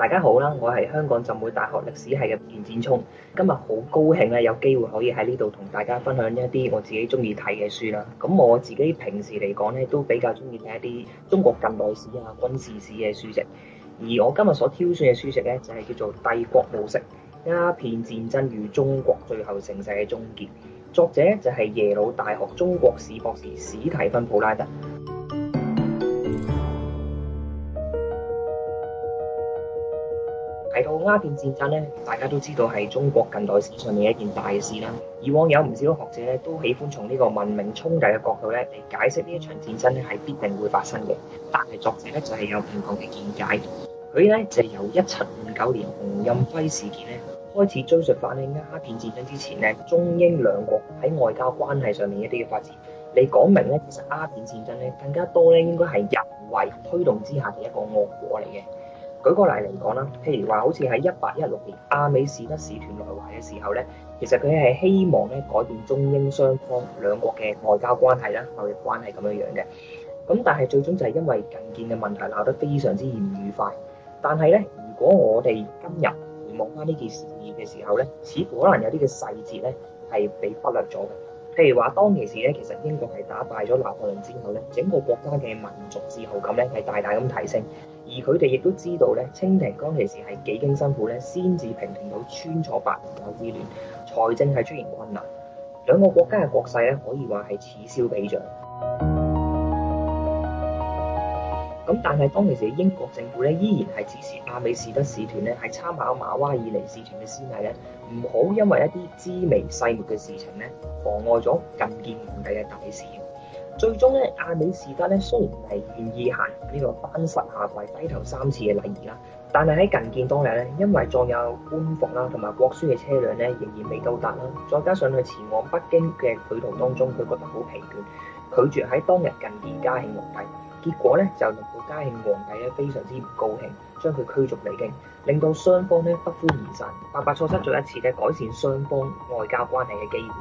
大家好啦，我係香港浸會大學歷史系嘅袁展聰，今日好高興咧有機會可以喺呢度同大家分享一啲我自己中意睇嘅書啦。咁我自己平時嚟講咧都比較中意睇一啲中國近代史啊、軍事史嘅書籍，而我今日所挑選嘅書籍咧就係、是、叫做《帝國暮色：鴉片戰爭與中國最後盛世嘅終結》，作者就係耶魯大學中國史博士史蒂芬普拉特。嚟到鴉片戰爭咧，大家都知道係中國近代史上面一件大事啦。以往有唔少學者咧，都喜歡從呢個文明衝突嘅角度咧嚟解釋呢一場戰爭咧係必定會發生嘅。但係作者咧就係有唔同嘅見解，佢咧就由一七五九年洪任輝事件咧開始追溯，反映鴉片戰爭之前咧中英兩國喺外交關係上面一啲嘅發展，嚟講明咧其實鴉片戰爭咧更加多咧應該係人為推動之下嘅一個惡果嚟嘅。舉個例嚟講啦，譬如話好似喺一八一六年，阿美士德使團來華嘅時候咧，其實佢係希望咧改變中英雙方兩國嘅外交關係啦、利益關係咁樣樣嘅。咁但係最終就係因為覲見嘅問題鬧得非常之唔愉快。但係咧，如果我哋今日回望返呢件事嘅時候咧，似乎可能有啲嘅細節咧係被忽略咗嘅。譬如話當其時咧，其實英國係打敗咗拿破崙之後咧，整個國家嘅民族自豪感咧係大大咁提升。而佢哋亦都知道咧，清廷當其時係幾經辛苦咧，先至平定到川楚白蓮教之亂，財政係出現困難，兩個國家嘅國勢咧，可以話係此消彼長。咁 但係當其時英國政府咧，依然係支持阿美士德使團咧，係參考馬戛爾尼使團嘅先例咧，唔好因為一啲枝微細末嘅事情咧，妨礙咗覲見皇帝嘅大事。最終咧，阿美士德咧雖然係願意行呢個單膝下跪、低頭三次嘅禮儀啦，但係喺覲見當日咧，因為仲有官服啦同埋國書嘅車輛咧仍然未到達啦，再加上佢前往北京嘅旅途當中佢覺得好疲倦，拒絕喺當日覲見嘉慶皇帝，結果咧就令到嘉慶皇帝咧非常之唔高興，將佢驅逐離京，令到雙方咧不歡而散，白白錯失咗一次咧改善雙方外交關係嘅機會。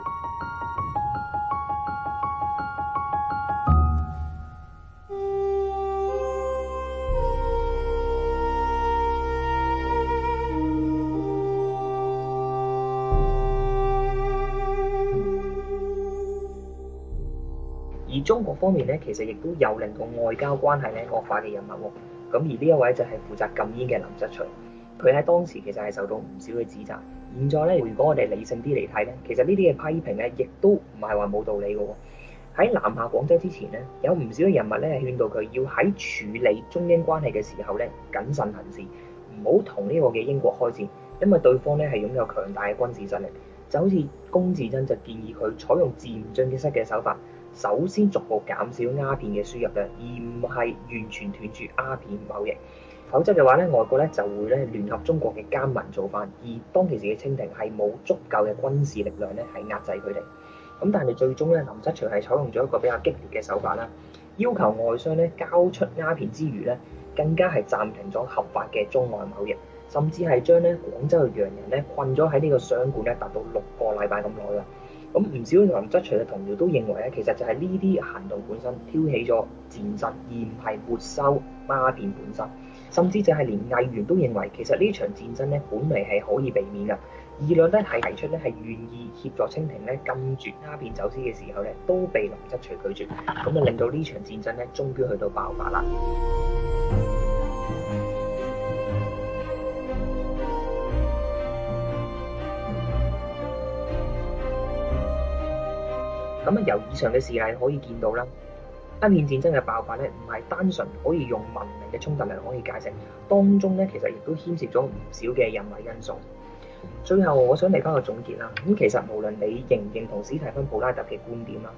而中國方面咧，其實亦都有令到外交關係咧惡化嘅人物喎。咁而呢一位就係負責禁煙嘅林則徐，佢喺當時其實係受到唔少嘅指責。現在咧，如果我哋理性啲嚟睇咧，其實呢啲嘅批評咧，亦都唔係話冇道理嘅喎。喺南下廣州之前咧，有唔少嘅人物咧，係勸導佢要喺處理中英關係嘅時候咧謹慎行事，唔好同呢個嘅英國開戰，因為對方咧係擁有強大嘅軍事實力。就好似龔自珍就建議佢採用自漸進式嘅手法。首先逐步減少鴉片嘅輸入量，而唔係完全斷絕鴉片貿易，否則嘅話咧，外國咧就會咧聯合中國嘅奸民做法，而當其時嘅清廷係冇足夠嘅軍事力量咧係壓制佢哋。咁但係最終咧，林則徐係採用咗一個比較激烈嘅手法啦，要求外商咧交出鴉片之餘咧，更加係暫停咗合法嘅中外貿易，甚至係將咧廣州嘅洋人咧困咗喺呢個商館咧，達到六個禮拜咁耐啦。咁唔少林則徐嘅同僚都認為咧，其實就係呢啲行動本身挑起咗戰爭，而唔係沒收鴉片本身。甚至就係連魏源都認為，其實呢場戰爭咧本嚟係可以避免嘅。義律咧係提出咧係願意協助清廷咧禁絕鴉片走私嘅時候咧，都被林則徐拒絕。咁啊令到呢場戰爭咧終於去到爆發啦。咁啊，由以上嘅事例可以見到啦，鴉片戰爭嘅爆發咧，唔係單純可以用文明嘅衝突嚟可以解釋，當中咧其實亦都牽涉咗唔少嘅人為因素。最後，我想嚟返個總結啦。咁其實無論你認唔認同史蒂芬普拉特嘅觀點啦，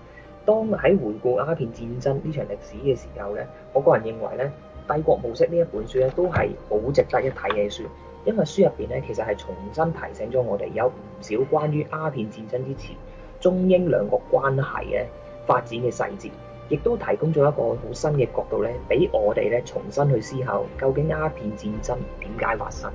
當喺回顧鴉片戰爭呢場歷史嘅時候咧，我個人認為咧，《帝國暮色》呢一本書咧都係好值得一睇嘅書，因為書入邊咧其實係重新提醒咗我哋有唔少關於鴉片戰爭之前中英兩國關係嘅發展嘅細節，亦都提供咗一個好新嘅角度咧，俾我哋咧重新去思考，究竟鴉片戰爭點解發生？